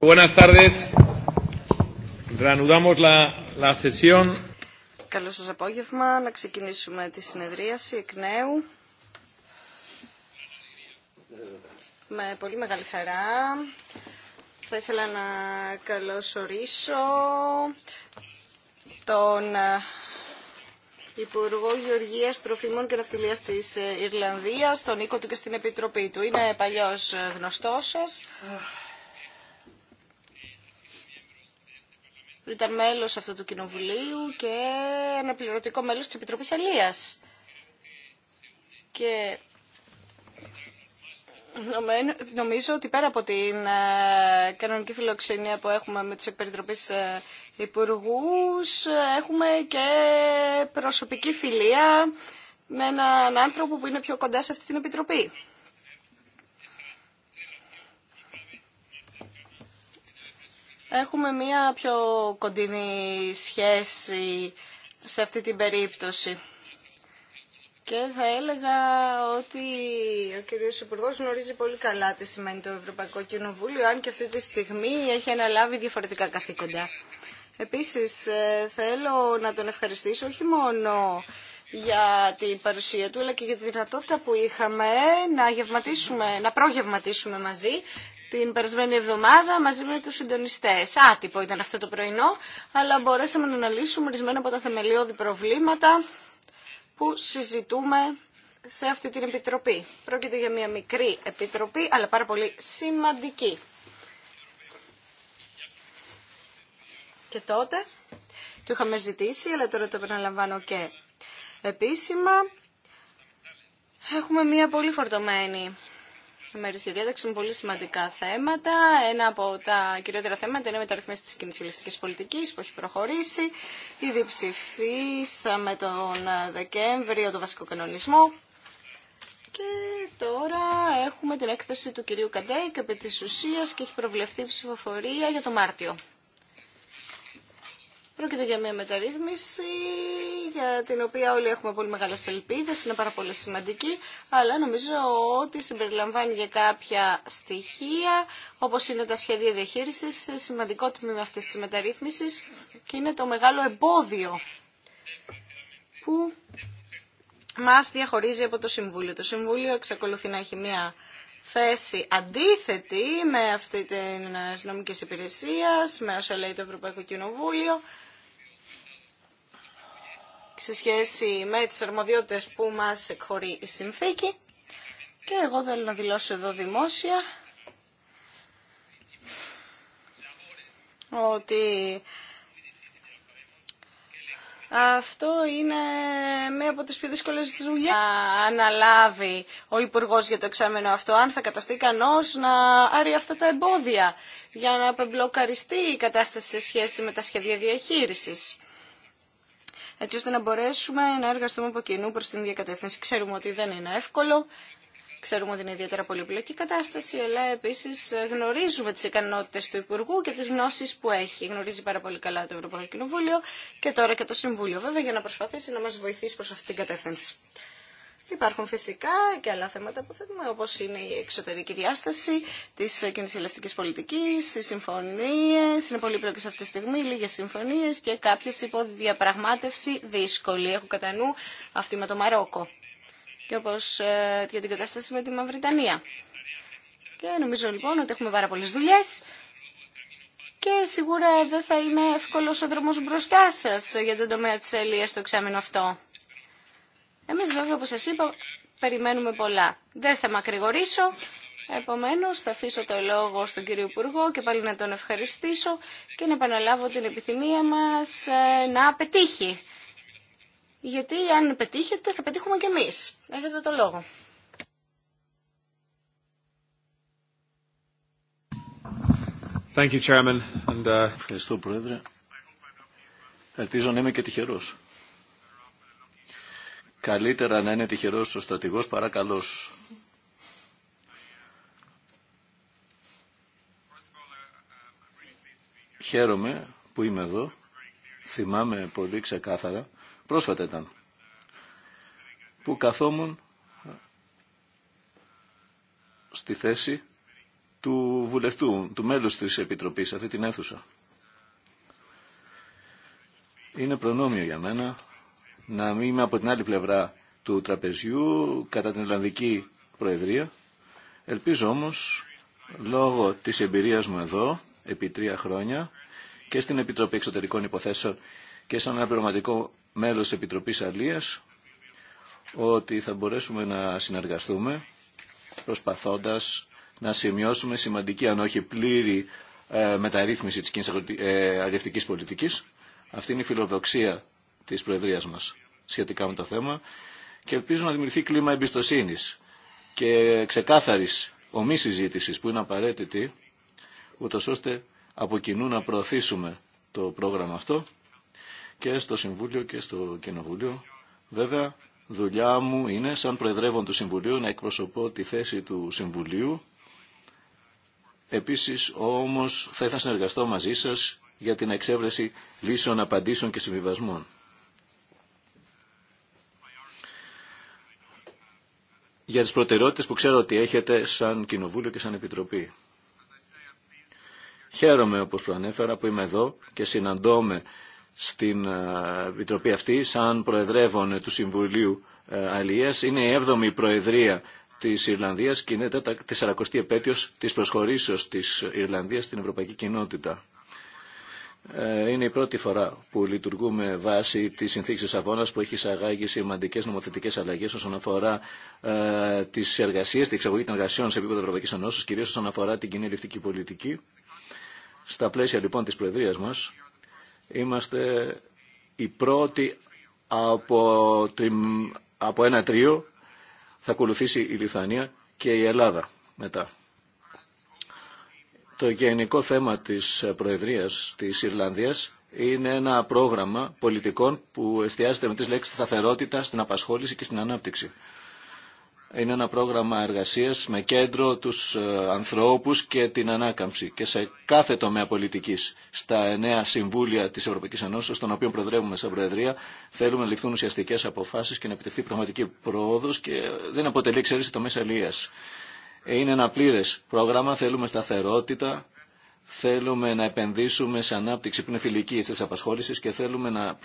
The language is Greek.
Buenas tardes. Reanudamos la, la sesión. Καλό σας απόγευμα. Να ξεκινήσουμε τη συνεδρίαση εκ νέου. Με πολύ μεγάλη χαρά. Θα ήθελα να καλωσορίσω τον Υπουργό Γεωργία Τροφιμών και Ναυτιλία τη ε, Ιρλανδία, στον οίκο του και στην Επιτροπή του. Είναι παλιό ε, γνωστό σα. Ήταν μέλο αυτού του κοινοβουλίου και αναπληρωτικό μέλο τη Επιτροπή Αλία. Και Νομίζω ότι πέρα από την ε, κανονική φιλοξενία που έχουμε με τους εκπεριτροπείς ε, υπουργούς, ε, έχουμε και προσωπική φιλία με έναν άνθρωπο που είναι πιο κοντά σε αυτή την επιτροπή. Έχουμε μία πιο κοντινή σχέση σε αυτή την περίπτωση. Και θα έλεγα ότι ο κύριο Υπουργό γνωρίζει πολύ καλά τι σημαίνει το Ευρωπαϊκό Κοινοβούλιο, αν και αυτή τη στιγμή έχει αναλάβει διαφορετικά καθήκοντα. Επίσης, ε, θέλω να τον ευχαριστήσω όχι μόνο για την παρουσία του, αλλά και για τη δυνατότητα που είχαμε να, γευματίσουμε, να προγευματίσουμε μαζί την περασμένη εβδομάδα μαζί με τους συντονιστές. Άτυπο ήταν αυτό το πρωινό, αλλά μπορέσαμε να αναλύσουμε ορισμένα από τα θεμελιώδη προβλήματα που συζητούμε σε αυτή την επιτροπή. Πρόκειται για μια μικρή επιτροπή, αλλά πάρα πολύ σημαντική. Και τότε το είχαμε ζητήσει, αλλά τώρα το επαναλαμβάνω και επίσημα. Έχουμε μια πολύ φορτωμένη ημερήσια διάταξη είναι πολύ σημαντικά θέματα. Ένα από τα κυριότερα θέματα είναι με τα τη κοινή ελευθερική πολιτική που έχει προχωρήσει. Ήδη ψηφίσαμε τον Δεκέμβριο το βασικό κανονισμό. Και τώρα έχουμε την έκθεση του κυρίου Καντέικ επί τη ουσία και έχει προβλεφθεί ψηφοφορία για το Μάρτιο. Πρόκειται για μια μεταρρύθμιση για την οποία όλοι έχουμε πολύ μεγάλες ελπίδες, είναι πάρα πολύ σημαντική, αλλά νομίζω ότι συμπεριλαμβάνει για κάποια στοιχεία, όπως είναι τα σχέδια διαχείριση. σημαντικό τμήμα αυτή τη μεταρρύθμισης και είναι το μεγάλο εμπόδιο που μας διαχωρίζει από το Συμβούλιο. Το Συμβούλιο εξακολουθεί να έχει μια θέση αντίθετη με αυτή την ε, νομική υπηρεσία, με όσα λέει το Ευρωπαϊκό Κοινοβούλιο, σε σχέση με τις αρμοδιότητες που μας εκχωρεί η συνθήκη. Και εγώ θέλω να δηλώσω εδώ δημόσια ότι αυτό είναι μία από τις πιο δύσκολες δουλειές να αναλάβει ο Υπουργός για το εξάμενο αυτό, αν θα καταστεί κανός, να άρει αυτά τα εμπόδια για να απεμπλοκαριστεί η κατάσταση σε σχέση με τα σχέδια διαχείρισης. Έτσι ώστε να μπορέσουμε να εργαστούμε από κοινού προς την διακατεύθυνση. Ξέρουμε ότι δεν είναι εύκολο, Ξέρουμε ότι είναι ιδιαίτερα πολύπλοκη κατάσταση, αλλά επίση ε, γνωρίζουμε τι ικανότητε του Υπουργού και τι γνώσει που έχει. Γνωρίζει πάρα πολύ καλά το Ευρωπαϊκό Κοινοβούλιο και τώρα και το Συμβούλιο, βέβαια, για να προσπαθήσει να μα βοηθήσει προ αυτή την κατεύθυνση. Υπάρχουν φυσικά και άλλα θέματα που θέτουμε, όπω είναι η εξωτερική διάσταση τη κοινή ελευτική πολιτική, οι συμφωνίε, είναι πολύπλοκε αυτή τη στιγμή, λίγε συμφωνίε και κάποιε υποδιαπραγμάτευση δύσκολη. Έχω κατά νου αυτή με το Μαρόκο και όπως ε, για την κατάσταση με τη Μαυριτανία. Και νομίζω λοιπόν ότι έχουμε πάρα πολλές δουλειές και σίγουρα δεν θα είναι εύκολος ο δρόμος μπροστά σας για τον τομέα της Ελίας στο εξάμεινο αυτό. Εμείς βέβαια όπως σας είπα περιμένουμε πολλά. Δεν θα μακρηγορήσω, επομένως θα αφήσω το λόγο στον κύριο Υπουργό και πάλι να τον ευχαριστήσω και να επαναλάβω την επιθυμία μας ε, να πετύχει γιατί αν πετύχετε θα πετύχουμε κι εμείς. Έχετε το λόγο. Thank you, Chairman. And, uh, Ευχαριστώ, Πρόεδρε. Ελπίζω να είμαι και τυχερός. Καλύτερα να είναι τυχερός ο στρατηγός παρακαλώ. καλός. Χαίρομαι που είμαι εδώ. Θυμάμαι πολύ ξεκάθαρα πρόσφατα ήταν, που καθόμουν ε, στη θέση του βουλευτού, του μέλους της Επιτροπής, αυτή την αίθουσα. Είναι προνόμιο για μένα να μην είμαι από την άλλη πλευρά του τραπεζιού κατά την ελλανδική Προεδρία. Ελπίζω όμως, λόγω της εμπειρίας μου εδώ, επί τρία χρόνια, και στην Επιτροπή Εξωτερικών Υποθέσεων και σαν ένα πληρωματικό μέλος της Επιτροπής Αλίας ότι θα μπορέσουμε να συνεργαστούμε προσπαθώντας να σημειώσουμε σημαντική αν όχι πλήρη ε, μεταρρύθμιση της κοινής αδιευτικής ε, πολιτικής. Αυτή είναι η φιλοδοξία της Προεδρίας μας σχετικά με το θέμα και ελπίζω να δημιουργηθεί κλίμα εμπιστοσύνης και ξεκάθαρης ομή συζήτηση που είναι απαραίτητη ούτως ώστε από κοινού να προωθήσουμε το πρόγραμμα αυτό και στο Συμβούλιο και στο Κοινοβούλιο. Βέβαια, δουλειά μου είναι σαν Προεδρεύον του Συμβουλίου να εκπροσωπώ τη θέση του Συμβουλίου. Επίσης, όμως, θα ήθελα να συνεργαστώ μαζί σας για την εξέβρεση λύσεων, απαντήσεων και συμβιβασμών. για τις προτεραιότητες που ξέρω ότι έχετε σαν Κοινοβούλιο και σαν Επιτροπή. Χαίρομαι, όπως προανέφερα, που είμαι εδώ και συναντώ με στην ε, Επιτροπή αυτή σαν προεδρεύων του Συμβουλίου ε, Αλίας. Είναι η 7η Προεδρία της Ιρλανδίας και είναι η 40η επέτειος της προσχωρήσεως της Ιρλανδίας στην Ευρωπαϊκή Κοινότητα. Ε, είναι η πρώτη φορά που λειτουργούμε βάσει τη συνθήκη τη Αβώνα που έχει εισαγάγει σημαντικέ νομοθετικέ αλλαγέ όσον αφορά ε, τι εργασίε, τη εξαγωγή των εργασιών σε επίπεδο Ευρωπαϊκή Ενώσεω, κυρίω όσον αφορά την κοινή πολιτική. Στα πλαίσια λοιπόν τη Προεδρία μα, Είμαστε οι πρώτοι από, ένα τρίο. Θα ακολουθήσει η Λιθανία και η Ελλάδα μετά. Το γενικό θέμα της Προεδρίας της Ιρλανδίας είναι ένα πρόγραμμα πολιτικών που εστιάζεται με τις λέξεις σταθερότητα στην απασχόληση και στην ανάπτυξη. Είναι ένα πρόγραμμα εργασίας με κέντρο τους ε, ανθρώπους και την ανάκαμψη και σε κάθε τομέα πολιτικής στα εννέα συμβούλια της Ευρωπαϊκής Ενώσης, των οποίων προεδρεύουμε σαν Προεδρία, θέλουμε να ληφθούν ουσιαστικές αποφάσεις και να επιτευχθεί πραγματική πρόοδος και δεν αποτελεί εξαίρεση το μέσα αλίας. Ε, είναι ένα πλήρες πρόγραμμα, θέλουμε σταθερότητα, θέλουμε να επενδύσουμε σε ανάπτυξη που είναι φιλική και θέλουμε να